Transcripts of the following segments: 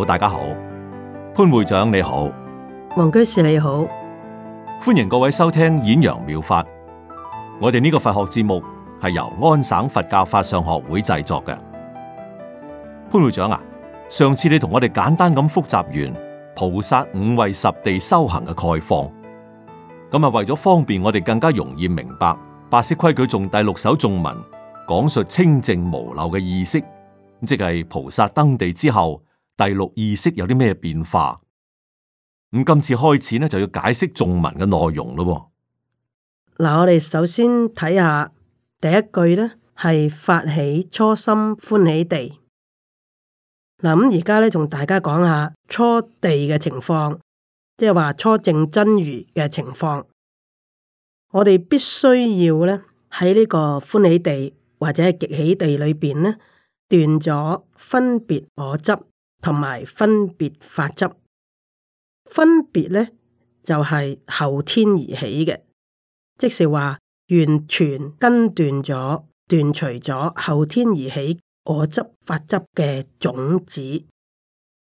好，大家好，潘會長你好，王居士你好，歡迎各位收聽演揚妙、妙法。我哋呢個佛學節目係由安省佛教法相學會製作嘅。潘會長啊，上次你同我哋簡單咁複習完菩薩五位十地修行嘅概況，咁啊為咗方便我哋更加容易明白八識規矩頌，第六首頌文講述清淨無漏嘅意識，即係菩薩登地之後。第六意識有啲咩變化？咁今次開始呢，就要解釋頌文嘅內容咯、哦。嗱，我哋首先睇下第一句呢，係發起初心歡喜地。嗱，咁而家呢，同大家講下初地嘅情況，即係話初證真如嘅情況。我哋必須要呢，喺呢個歡喜地或者係極喜地裏邊呢，斷咗分別我執。同埋分別法執，分別咧就係、是、後天而起嘅，即是話完全根斷咗、斷除咗後天而起我執法執嘅種子。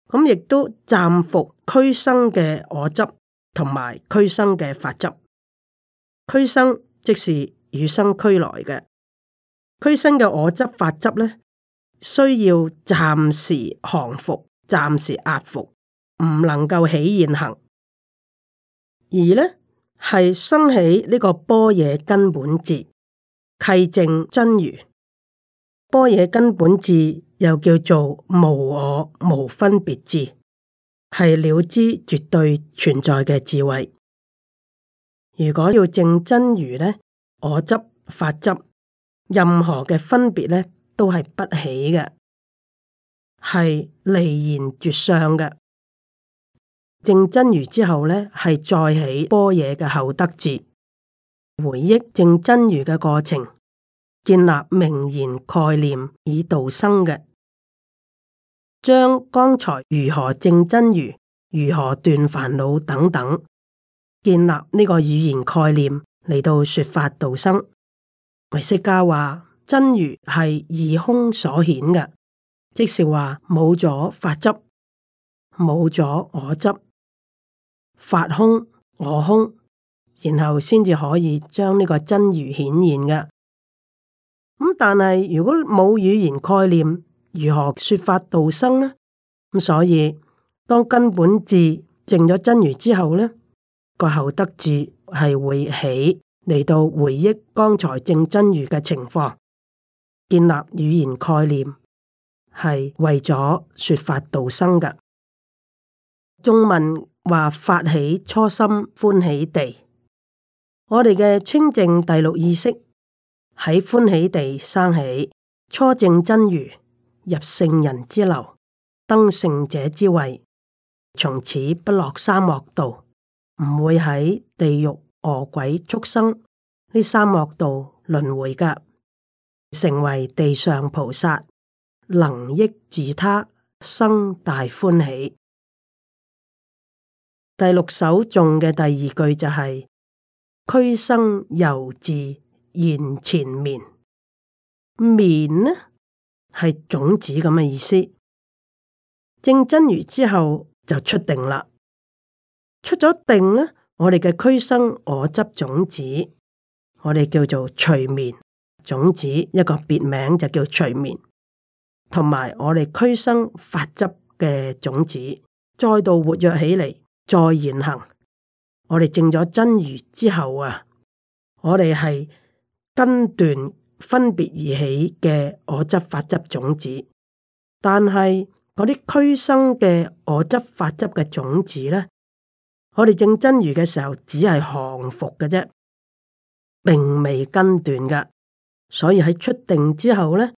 咁亦都暫服俱生嘅我執同埋俱生嘅法執。俱生即是與生俱來嘅，俱生嘅我執法執咧，需要暫時降服。暫時壓服，唔能夠起現行，而呢係生起呢個般若根本智，契證真如。般若根本智又叫做無我無分別智，係了知絕對存在嘅智慧。如果要證真如呢，我執法執任何嘅分別呢都係不起嘅。.係離言絕相嘅證真如之後呢，係再起般若嘅後得智，回憶證真如嘅過程，建立名言概念以度生嘅，將剛才如何證真如，如何斷煩惱等等，建立呢個語言概念嚟到說法度生。唯識家話真如係二空所顯嘅。即是話冇咗法執，冇咗我執，法空我空，然後先至可以將呢個真如顯現嘅。咁、嗯、但係如果冇語言概念，如何說法道生呢？咁、嗯、所以當根本智證咗真如之後咧，個後得智係會起嚟，到回憶剛才證真如嘅情況，建立語言概念。係為咗說法度生噶。眾文話發起初心歡喜地，我哋嘅清淨第六意識喺歡喜地生起，初證真如，入聖人之流，登聖者之位，從此不落三惡道，唔會喺地獄餓鬼畜生呢三惡道輪回噶，成為地上菩薩。能益自他，生大歡喜。第六首中嘅第二句就係、是、俱生猶自現纏眠，眠呢，係種子咁嘅意思。正真如之後就出定啦，出咗定呢，我哋嘅俱生我執種子，我哋叫做「隨眠」種子，一個別名就叫「隨眠」。同埋我哋俱生法執嘅種子再度活躍起嚟，再現行。我哋證咗真如之後啊，我哋係根斷分別而起嘅我執法執種子，但係嗰啲俱生嘅我執法執嘅種子咧，我哋證真如嘅時候只係降伏嘅啫，並未根斷㗎，所以喺出定之後咧。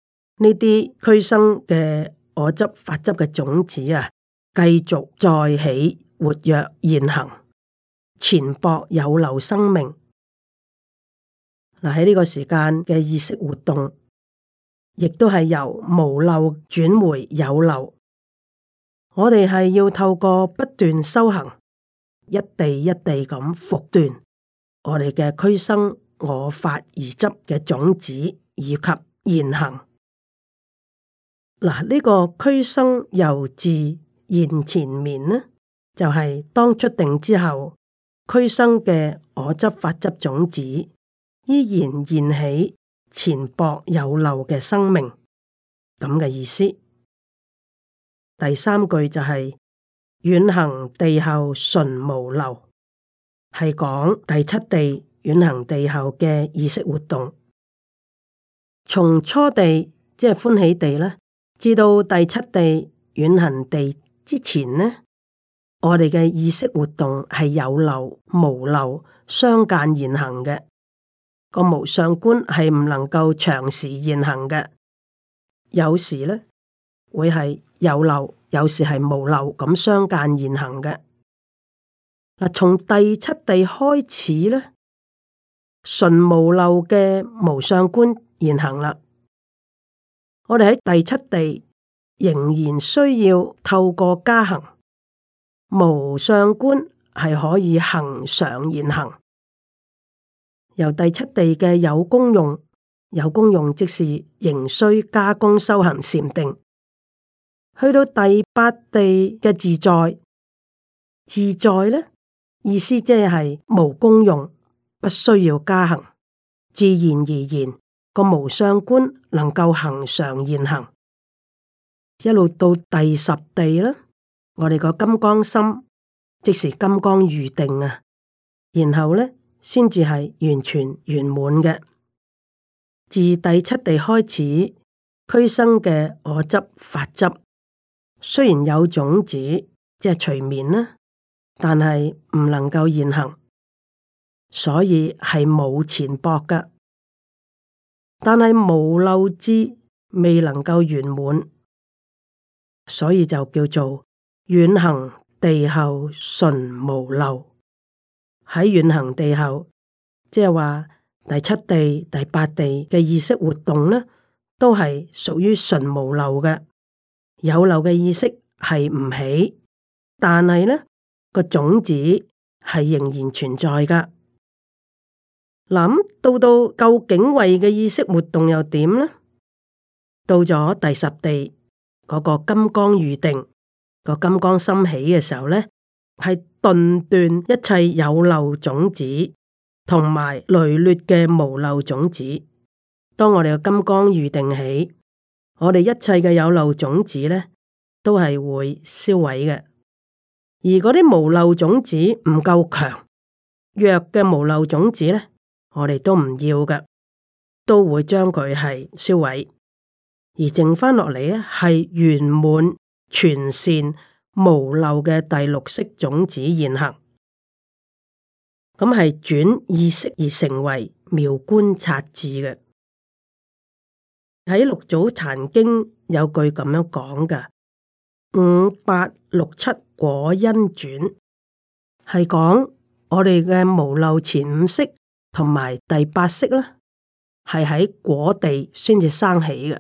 呢啲俱生嘅我執、法執嘅種子啊，繼續再起、活躍、現行、前搏有漏生命。嗱，喺呢個時間嘅意識活動，亦都係由無漏轉回有漏。我哋係要透過不斷修行，一地一地咁伏斷我哋嘅俱生、我法二執嘅種子以及現行。嗱，呢個俱生猶自現纏眠呢，就係、是、當出定之後，俱生嘅我執法執種子依然現起前薄有漏嘅生命，咁嘅意思。第三句就係、是、遠行地後純無漏，係講第七地遠行地後嘅意識活動，從初地即係歡喜地啦。至到第七地遠行地之前呢，我哋嘅意識活動係有漏、無漏相間現行嘅，個無相觀係唔能夠長時現行嘅，有時呢，會係有漏，有時係無漏咁相間現行嘅。嗱，從第七地開始呢，純無漏嘅無相觀現行啦。我哋喺第七地仍然需要透過加行，無相觀係可以行上言行。由第七地嘅有功用，有功用即是仍需加功修行禪定，去到第八地嘅自在，自在呢意思即係無功用，不需要加行，自然而然。個無相觀能夠恒常現行，一路到第十地啦。我哋個金剛心即是金剛喻定啊，然後呢先至係完全圓滿嘅。自第七地開始，俱生嘅我執法執雖然有種子，即係隨眠啦，但係唔能夠現行，所以係冇前博㗎。但係無漏智未能夠圓滿，所以就叫做遠行地後純無漏。喺遠行地後，即係話第七地、第八地嘅意識活動呢，都係屬於純無漏嘅。有漏嘅意識係唔起，但係呢個種子係仍然存在噶。諗到到究竟位嘅意識活動又點呢？到咗第十地嗰、那個金剛喻定，那個金剛心起嘅時候呢，係頓斷，斷一切有漏種子，同埋羸劣嘅無漏種子。當我哋嘅金剛喻定起，我哋一切嘅有漏種子呢都係會銷毀嘅。而嗰啲無漏種子唔夠強，弱嘅無漏種子呢。我哋都唔要嘅，都會將佢係燒毀，而剩翻落嚟咧係圓滿全善無漏嘅第六識種子現行，咁係轉意識而成為妙觀察智嘅。喺六祖壇經有句咁樣講嘅：五八六七果因轉，係講我哋嘅無漏前五識。同埋第八識咧，係喺果地先至生起嘅；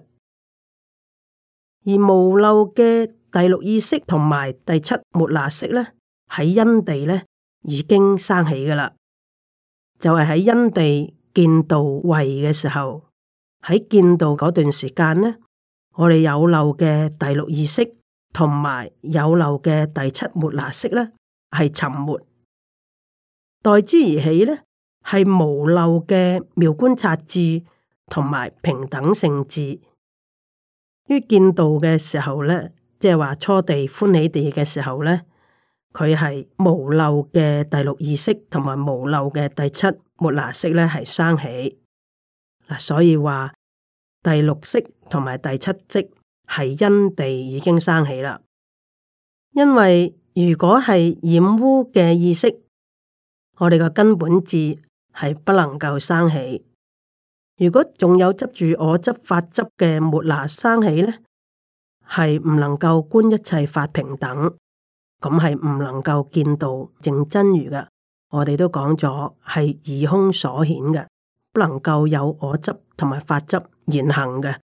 而無漏嘅第六意識同埋第七末那識咧，喺因地咧已經生起噶啦。就係、是、喺因地見道位嘅時候，喺見道嗰段時間呢，我哋有漏嘅第六意識同埋有漏嘅第七末那識咧，係沉沒待之而起咧。係無漏嘅妙觀察智，同埋平等性智。於見道嘅時候咧，即係話初地歡喜地嘅時候咧，佢係無漏嘅第六意識同埋無漏嘅第七末那識咧係生起嗱，所以話第六識同埋第七識係因地已經生起啦，因為如果係染污嘅意識，我哋個根本智。係不能夠生起。如果仲有執住我執、法執嘅末那生起呢，係唔能夠觀一切法平等，咁係唔能夠見到正真如嘅。我哋都講咗，係以空所顯嘅，不能夠有我執同埋法執現行嘅。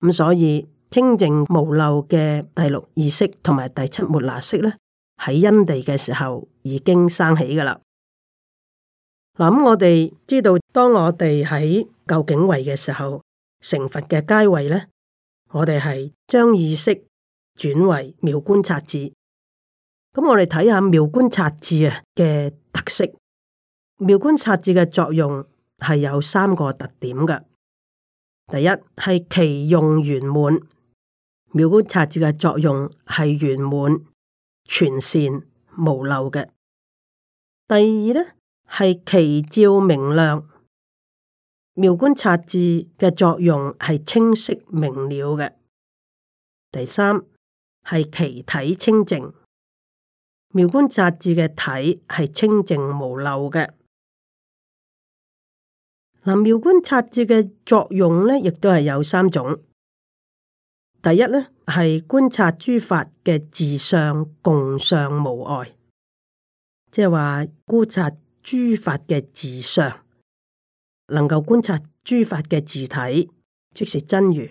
咁所以清淨無漏嘅第六意識同埋第七末那識呢，喺因地嘅時候已經生起噶啦。嗱，咁、嗯、我哋知道，當我哋喺究竟位嘅時候，成佛嘅階位咧，我哋係將意識轉為妙觀察智。咁、嗯、我哋睇下妙觀察智嘅特色，妙觀察智嘅作用係有三個特點嘅。第一係其用圓滿，妙觀察智嘅作用係圓滿、全善、無漏嘅。第二咧。係其照明亮，妙觀察智嘅作用係清晰明了嘅。第三係其體清淨，妙觀察智嘅體係清淨無漏嘅。嗱，妙觀察智嘅作用咧，亦都係有三種。第一咧係觀察諸法嘅自相共相無礙，即係話觀察。諸法嘅自相，能夠觀察諸法嘅自體，即是真如，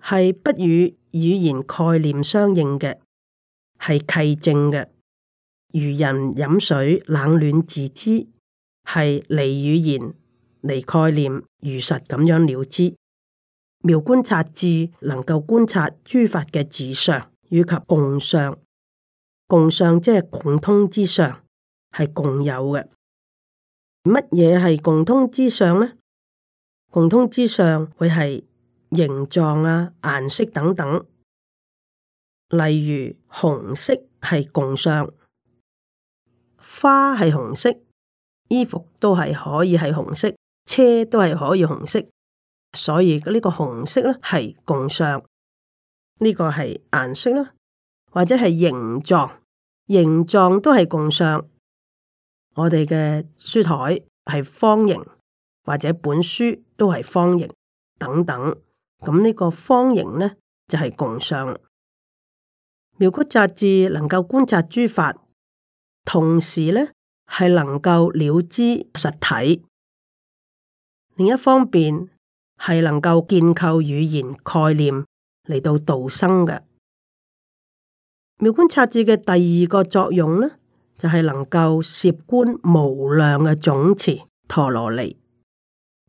係不與語言概念相應嘅，係契證嘅。如人飲水，冷暖自知，係離語言、離概念、如實咁樣了知。妙觀察智能夠觀察諸法嘅自相以及共相，共相即係共通之相。係共有嘅，乜嘢係共通之相呢？共通之相會係形狀啊、顏色等等。例如紅色係共相，花係紅色，衣服都係可以係紅色，車都係可以紅色，所以呢個紅色咧係共相，呢個係顏色啦，或者係形狀，形狀都係共相。我哋嘅書台係方形，或者本書都係方形等等。咁呢個方形咧就係、是、共相。妙觀察智能夠觀察諸法，同時咧係能夠了知實體。另一方面係能夠建構語言概念嚟，到度生嘅。妙觀察智嘅第二個作用咧，就係能夠攝觀無量嘅總持陀羅尼，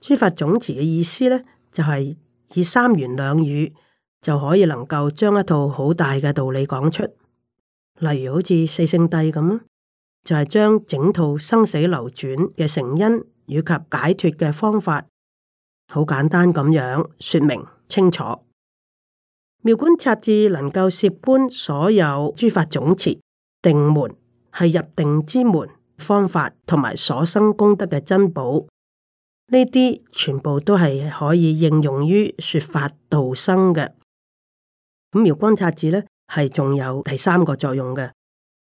諸法總持嘅意思咧，就係以三言兩語就可以能夠將一套好大嘅道理講出。例如好似四聖諦咁，就係將整套生死流轉嘅成因以及解脫嘅方法，好簡單咁樣說明清楚。妙觀察智能夠攝觀所有諸法總持定門，係入定之門方法同埋所生功德嘅珍寶，呢啲全部都係可以應用於說法度生嘅。咁妙觀察智呢，係仲有第三個作用嘅，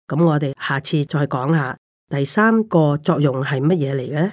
咁我哋下次再講下第三個作用係乜嘢嚟嘅。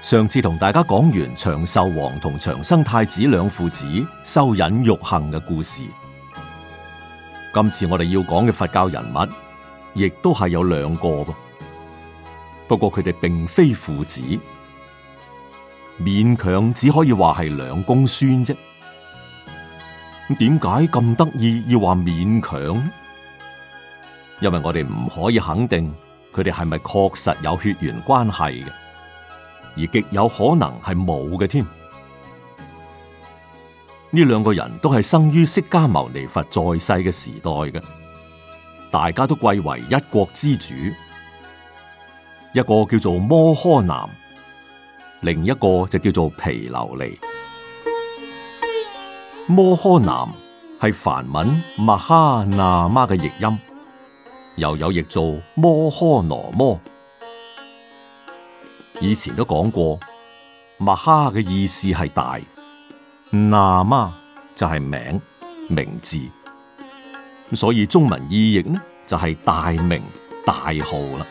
上次同大家講完長壽王同長生太子兩父子修忍辱行嘅故事，今次我哋要講嘅佛教人物亦都係有兩個，不過佢哋並非父子，勉強只可以話係兩公孫啫。咁點解咁得意要話勉強？因為我哋唔可以肯定佢哋係咪確實有血緣關係嘅。而極有可能係冇嘅添。呢兩個人都係生於釋迦牟尼佛在世嘅時代嘅，大家都貴為一國之主。一個叫做摩訶男，另一個就叫做毗琉璃。摩訶男係梵文嘛哈那媽嘅譯音，又有譯做摩訶羅摩。以前都講過，摩訶嘅意思係大，那嘛就係、是、名，名字，所以中文意譯呢就係、是、大名大號啦。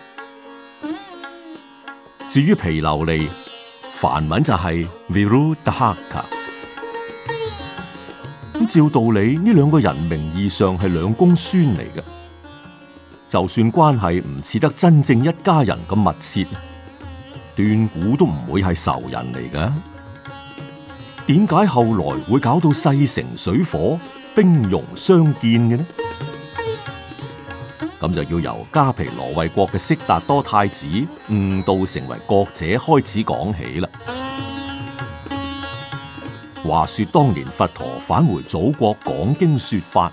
至於毗琉璃，梵文就係 Virudhaka。咁照道理呢兩個人名意義上係兩公孫嚟嘅，就算關係唔似得真正一家人咁密切，斷估都唔會係仇人嚟嘅，點解後來會搞到勢成水火、兵戎相見嘅呢？咁就要由迦毗羅衛國嘅悉達多太子悟道成為覺者開始講起啦。話說當年佛陀返回祖國講經說法，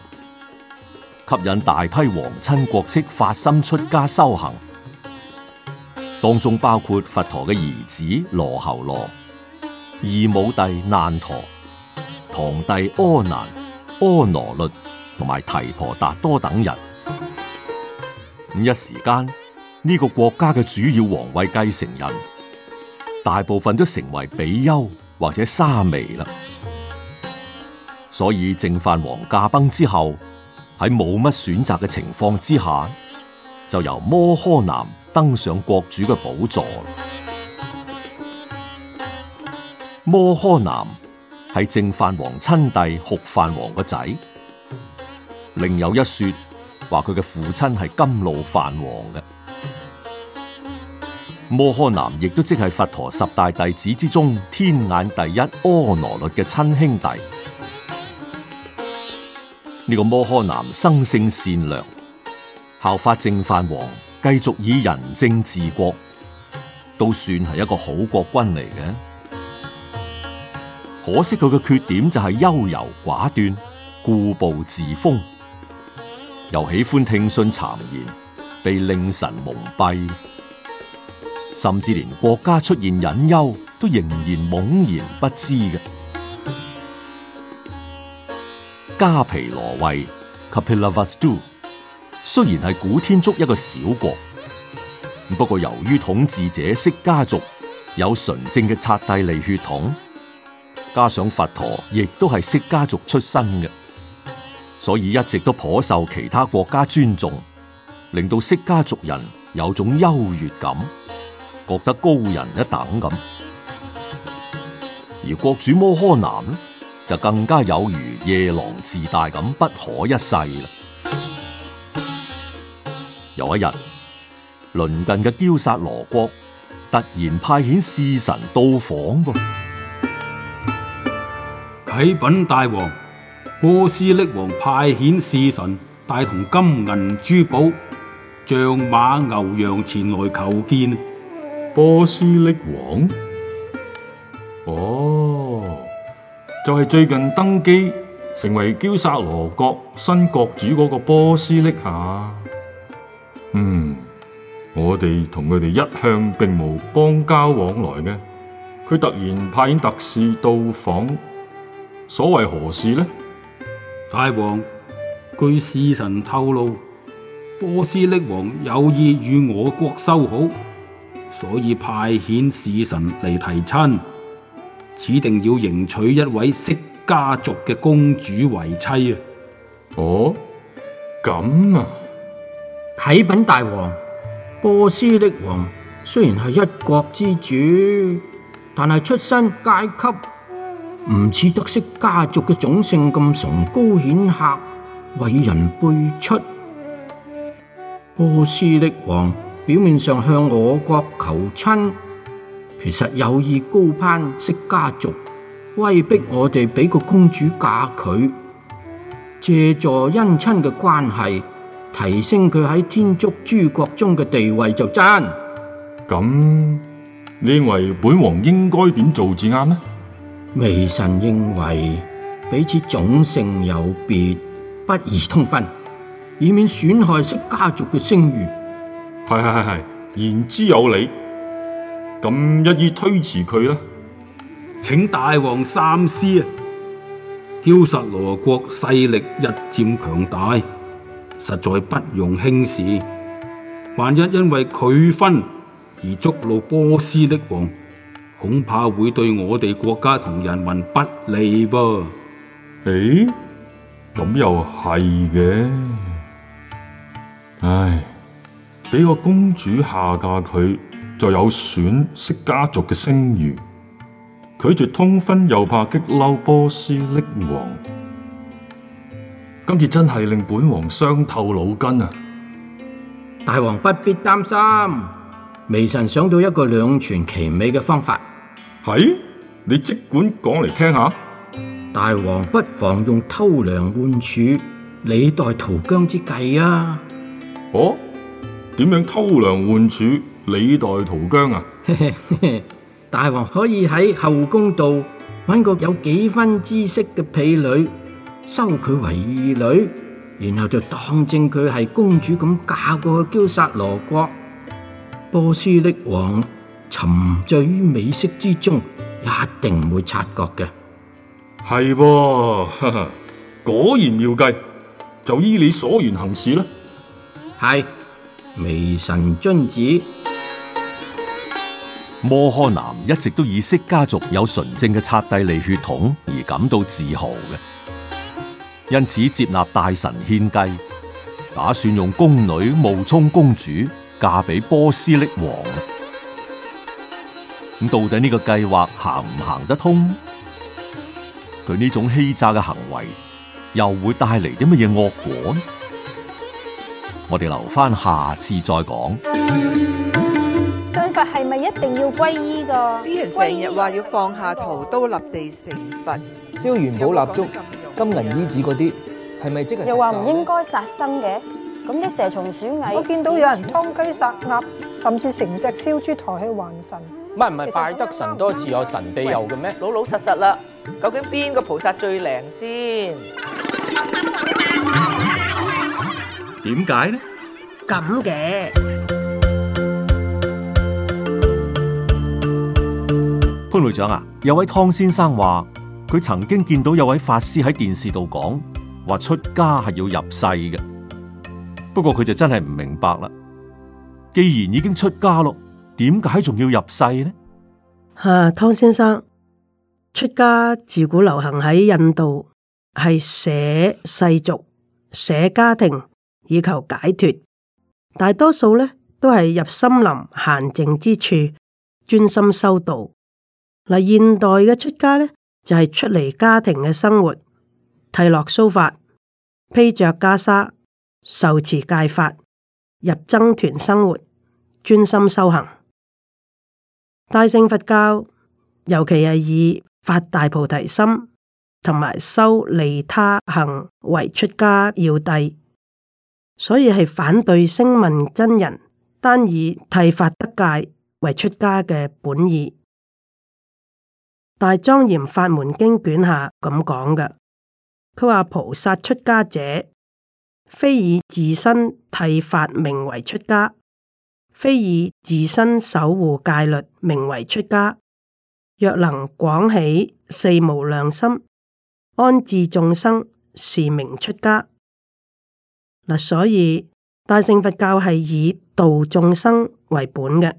吸引大批皇親國戚發心出家修行。當中包括佛陀嘅兒子羅喉羅、異母弟難陀、堂弟阿難、阿羅律同埋提婆達多等人。咁一時間呢個國家嘅主要皇位繼承人，大部分都成為比丘或者沙彌啦。所以淨飯王駕崩之後，喺冇乜選擇嘅情況之下，就由摩訶男登上國主嘅寶座。摩訶男係淨飯王親弟，斛飯王嘅仔。另有一說話，佢嘅父親係甘露飯王嘅。摩訶男亦都即係佛陀十大弟子之中天眼第一阿那律嘅親兄弟。呢個摩訶男生性善良，效法淨飯王，繼續以仁政治國，都算係一個好國君嚟嘅。可惜佢嘅缺點就係優柔寡斷、固步自封，又喜歡聽信讒言，被佞臣蒙蔽，甚至連國家出現隱憂都仍然懵然不知嘅。迦毗羅衛 （Kapilavastu）。雖然係古天竺一個小國，不過由於統治者釋迦族有純正嘅剎帝利血統，加上佛陀亦都係釋迦族出身嘅，所以一直都頗受其他國家尊重，令到釋迦族人有種優越感，覺得高人一等咁。而國主摩訶男就更加有如夜郎自大咁，不可一世啦。有一日，鄰近嘅憍薩羅國突然派遣侍臣到訪噃、啊。啟稟大王，波斯匿王派遣侍臣帶同金銀珠寶、象馬牛羊前來求見。波斯匿王？哦，就係、是、最近登基成為憍薩羅國新國主嗰個波斯匿下。嗯，我哋同佢哋一向並無邦交往來嘅，佢突然派遣特使到訪，所為何事呢？大王，據侍臣透露，波斯匿王有意與我國修好，所以派遣侍臣嚟提親，指定要迎娶一位釋家族嘅公主為妻、哦、啊！哦，咁啊！啟稟大王，波斯匿王雖然係一國之主，但係出身階級唔似得釋家族嘅種姓咁崇高顯赫，偉人輩出。波斯匿王表面上向我國求親，其實有意高攀釋家族，威逼我哋俾個公主嫁佢，借助姻親嘅關係。提升佢喺天竺諸國中嘅地位就真。咁你認為本王應該點做至啱呢？微臣認為彼此種姓有別，不宜通婚，以免損害釋家族嘅聲譽。係係係係，言之有理。咁一意推遲佢啦。請大王三思啊！憍薩羅國勢力日漸強大。實在不容輕視，萬一因為佢婚而觸怒波斯匿王，恐怕會對我哋國家同人民不利噃。誒、欸，咁又係嘅。唉，俾個公主下嫁佢，就有損釋家族嘅聲譽；拒絕通婚，又怕激嬲波斯匿王。今次真係令本王傷透腦筋啊！大王不必擔心，微臣想到一個兩全其美嘅方法。係？你即管講嚟聽下。大王不妨用偷梁換柱、李代桃僵之計啊！哦，點樣偷梁換柱、李代桃僵啊？ 大王可以喺後宮度揾個有幾分知識嘅婢女，收佢為義女，然後就當正佢係公主咁嫁過去。嬌薩羅國波斯匿王沉醉於美色之中，一定唔會察覺嘅。係喎，呵呵，果然妙計，就依你所言行事啦。係，微臣遵旨。摩訶男一直都以釋家族有純正嘅剎帝利血統而感到自豪嘅。因此接納大臣獻計，打算用宮女冒充公主嫁俾波斯匿王。咁到底呢個計劃行唔行得通？佢呢種欺詐嘅行為又會帶嚟啲乜嘢惡果？我哋留翻下次再講。信佛係咪一定要皈依噶？啲人成日話要放下屠刀立地成佛，燒完寶蠟燭。有金銀衣子嗰啲係咪即係？又話唔應該殺生嘅，咁啲蛇蟲鼠蟻，我見到有人劏雞殺鴨，甚至成隻燒豬抬去還神。唔係唔係，拜得神多自有神庇佑嘅咩？老老實實啦，究竟邊個菩薩最靈先？點解呢？咁嘅潘會長啊，有位湯先生話。佢曾經見到有位法師喺電視度講，話出家係要入世嘅，不過佢就真係唔明白啦。既然已經出家咯，點解仲要入世呢？啊，湯先生，出家自古流行喺印度，係捨世俗、捨家庭，以求解脫。大多數呢都係入森林、閒靜之處，專心修道。嗱，現代嘅出家呢。就係出離家庭嘅生活，剃落鬚髮，披着袈裟，受持戒法，入僧團生活，專心修行。大乘佛教尤其係以發大菩提心同埋修利他行為出家要諦，所以係反對聲聞真人，單以剃髮得戒為出家嘅本意。大莊嚴法門經卷下咁講嘅，佢話，菩薩出家者，非以自身剃髮名為出家，非以自身守護戒律名為出家。若能廣起四無量心，安置眾生，是名出家。嗱，所以大乘佛教係以度眾生為本嘅。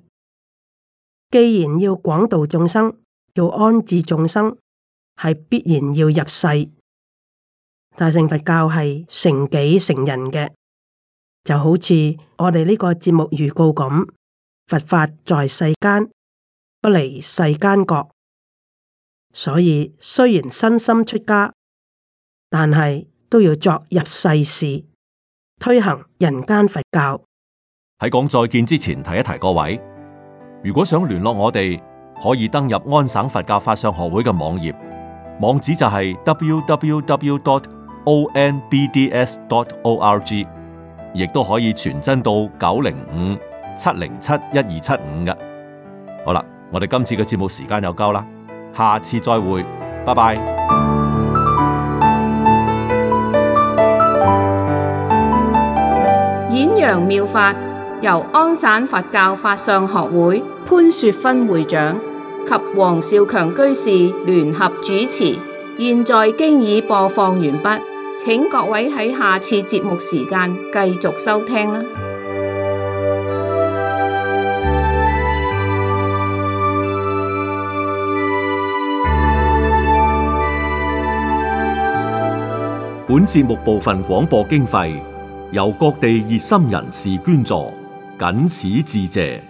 既然要廣度眾生，要安置眾生係必然要入世，大乘佛教係成己成人嘅，就好似我哋呢個節目預告咁，佛法在世間不離世間覺，所以雖然身心出家，但係都要作入世事，推行人間佛教。喺講再見之前提一提各位，如果想聯絡我哋。可以登入安省佛教法相學會嘅網頁，網址就係 www dot onbds dot org，亦都可以傳真到九零五七零七一二七五嘅。好啦，我哋今次嘅節目時間又夠啦，下次再會，拜拜。演揚妙法由安省佛教法相學會潘雪芬會長及黃少強居士聯合主持，現在經已播放完畢，請各位喺下次節目時間繼續收聽啦。本節目部分廣播經費由各地熱心人士捐助，僅此致謝。